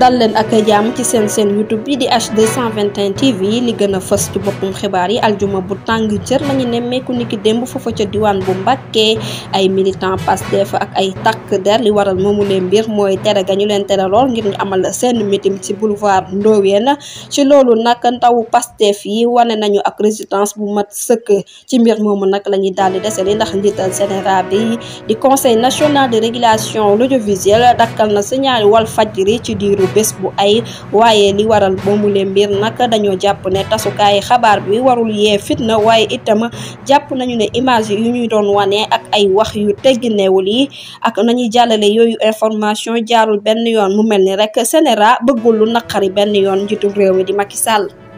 dal leen ak ci seen seen youtube bi di H221 TV li gën a fës ci boppum xibaar yi aljuma bu tàng jër lañu nemmeeku niki démb foofa ca diwaan bu Mbàkke ay militant Pastef ak ay takk der li waral moomu leen mbir mooy tere ga ñu leen tere lool ngir ñu amal seen meeting ci boulevard Ndoyen ci loolu nakk ndaw Pastef yi wane nañu ak résistance bu mat sëkk ci mbir moomu nag la ñuy daal di dese li ndax njiital général bi di conseil national de régulation audiovisuelle dakkal na signal Walfadjri ci diiru bés bu ay waaye li waral boomule mbir naka dañoo jàpp ne tasukaayu xabaar bi warul yee fitna waaye itam jàpp nañu ne image yu ñuy doon wane ak ay wax yu tegginewul yi ak nañuy jàllale yooyu information jaarul benn yoon mu mel ni rek Sénéra bëggul lu naqari benn yoon njiitu réew mi di Macky Sall